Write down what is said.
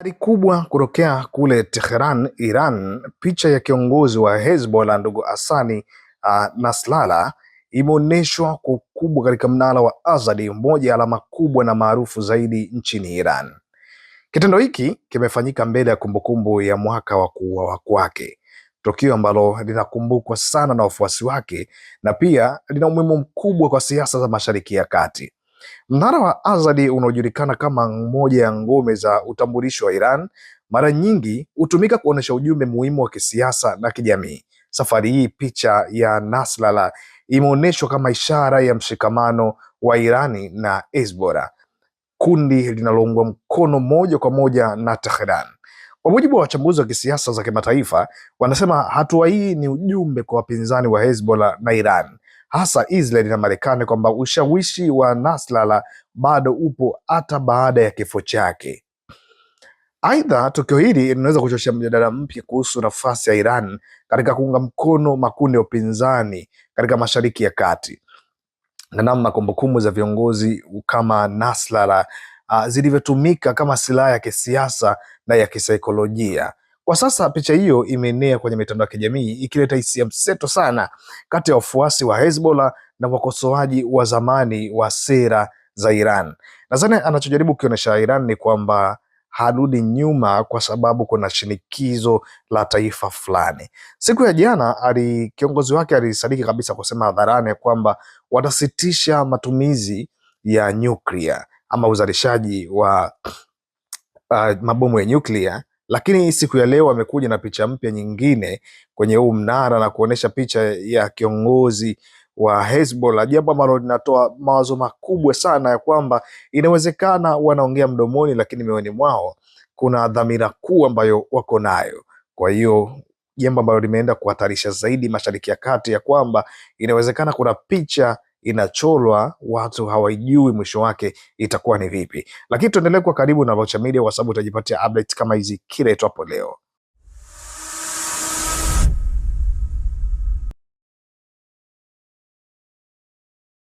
Habari kubwa kutokea kule Tehran Iran. Picha ya kiongozi wa Hezbollah ndugu hassani uh, ah, Nasrallah imeonyeshwa kwa ukubwa katika mnara wa Azadi, moja ya alama kubwa na maarufu zaidi nchini Iran. Kitendo hiki kimefanyika mbele ya kumbukumbu ya mwaka wa kuuawa kwake, tukio ambalo linakumbukwa sana na wafuasi wake na pia lina umuhimu mkubwa kwa siasa za Mashariki ya Kati. Mnara wa Azadi unaojulikana kama moja ya ngome za utambulisho wa Iran, mara nyingi hutumika kuonesha ujumbe muhimu wa kisiasa na kijamii. Safari hii picha ya Naslala imeonyeshwa kama ishara ya mshikamano wa Irani na Hezbollah, kundi linaloungwa mkono moja kwa moja na Tehran. Kwa mujibu wa wachambuzi wa kisiasa za kimataifa, wanasema hatua hii ni ujumbe kwa wapinzani wa Hezbollah na Iran hasa Israeli na Marekani kwamba ushawishi wa Nasrallah bado upo hata baada ya kifo chake. Aidha, tukio hili linaweza kuchochea mjadala mpya kuhusu nafasi ya Iran katika kuunga mkono makundi ya upinzani katika Mashariki ya Kati na namna kumbukumbu za viongozi kama Nasrallah uh, zilivyotumika kama silaha ya kisiasa na ya kisaikolojia. Kwa sasa picha hiyo imeenea kwenye mitandao ya kijamii ikileta hisia mseto sana kati ya wafuasi wa Hezbollah na wakosoaji wa zamani wa sera za Iran. Nadhani anachojaribu kukionyesha Iran ni kwamba harudi nyuma kwa sababu kuna shinikizo la taifa fulani. Siku ya jana ali kiongozi wake alisadiki kabisa kusema hadharani kwamba watasitisha matumizi ya nyuklia ama uzalishaji wa uh, mabomu ya nyuklia lakini siku ya leo amekuja na picha mpya nyingine kwenye huu mnara na kuonesha picha ya kiongozi wa Hezbollah, jambo ambalo linatoa mawazo makubwa sana ya kwamba inawezekana wanaongea mdomoni, lakini mioyoni mwao kuna dhamira kuu ambayo wako nayo. Kwa hiyo jambo ambalo limeenda kuhatarisha zaidi Mashariki ya Kati ya kwamba inawezekana kuna picha inacholwa watu hawajui mwisho wake itakuwa ni vipi. Lakini tuendelee kuwa karibu na Locha Media kwa sababu utajipatia kama hizi kila itwapo leo.